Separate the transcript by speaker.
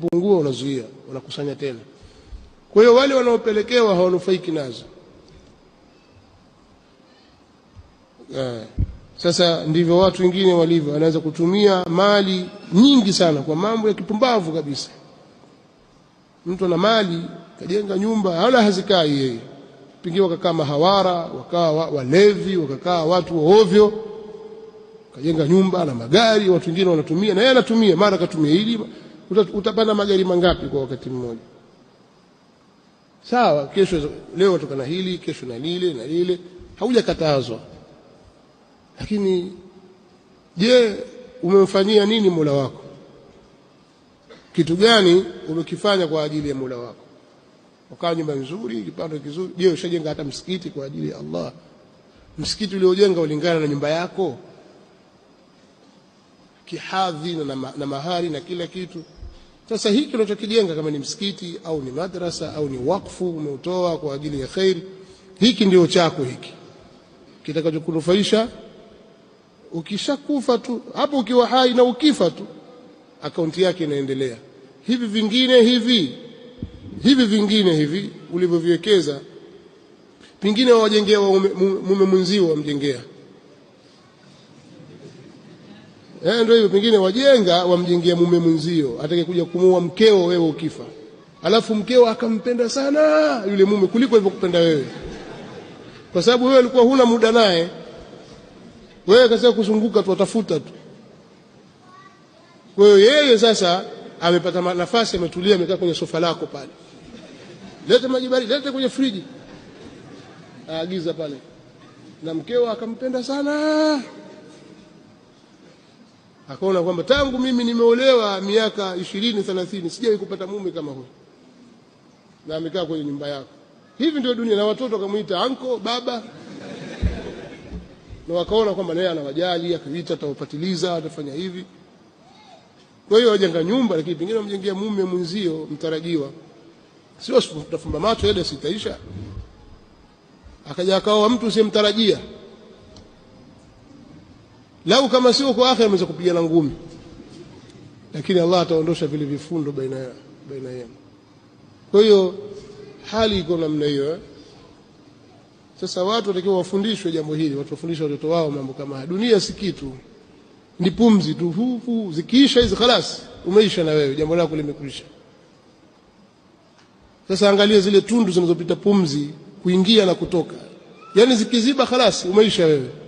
Speaker 1: Kupungua unazuia, unakusanya tena. Kwa hiyo wale wanaopelekewa hawanufaiki nazo. Eh, sasa ndivyo watu wengine walivyo, wanaweza kutumia mali nyingi sana kwa mambo ya kipumbavu kabisa. Mtu ana mali kajenga nyumba, hala hazikai yeye, pengine wakakaa mahawara, wakakaa walevi, wakakaa watu waovyo kajenga nyumba na magari, watu wengine wanatumia na yeye anatumia, mara katumia hili utapanda magari mangapi kwa wakati mmoja? Sawa, kesho leo watoka na hili, kesho na lile na lile, haujakatazwa. Lakini je, umemfanyia nini Mola wako? Kitu gani umekifanya kwa ajili ya Mola wako? Ukawa nyumba nzuri, kipando kizuri. Je, ushajenga hata msikiti kwa ajili ya Allah? Msikiti uliojenga ulingana na nyumba yako kihadhi na, na mahari na kila kitu? Sasa hiki unachokijenga kama ni msikiti au ni madrasa au ni wakfu umeutoa kwa ajili ya khair, hiki ndio chako hiki kitakachokunufaisha ukishakufa tu, hapo ukiwa hai na ukifa tu, akaunti yake inaendelea. Hivi vingine hivi hivi vingine hivi ulivyoviwekeza, pengine wawajengea mume mwenzio wamjengea eh, ndio hivyo. Pengine wajenga wamjengia mume mwenzio, atakayekuja kumuua mkeo wewe ukifa, alafu mkeo akampenda sana yule mume kuliko alivyokupenda wewe, kwa sababu wewe ulikuwa huna muda naye, wewe kasema kuzunguka tu, watafuta tu. Kwa hiyo yeye sasa amepata nafasi, ametulia, amekaa kwenye sofa lako pale, lete maji baridi, lete kwenye friji, aagiza pale, na mkeo akampenda sana akaona kwamba tangu mimi nimeolewa miaka ishirini thelathini sijawahi kupata mume kama huyu na amekaa kwenye nyumba yako hivi ndio dunia na watoto wakamwita anko baba na wakaona kwamba naye anawajali akiita atawapatiliza atafanya hivi kwa hiyo wajenga nyumba lakini pengine wamjengea mume mwenzio mtarajiwa sio tafumba macho ile sitaisha akaja akaoa mtu usiyemtarajia lau kama sio kwa akhira ameweza kupigana ngumi, lakini Allah ataondosha vile vifundo baina baina yenu. Kwa hiyo hali iko namna hiyo. Eh? Sasa watu watakiwa wafundishwe jambo hili, watu wafundishwe watoto wao mambo kama haya. Dunia si kitu, ni pumzi tu, huku zikiisha hizi khalas, umeisha na wewe, jambo lako limekwisha. Sasa angalia zile tundu zinazopita pumzi kuingia na kutoka, yani zikiziba khalas, umeisha wewe.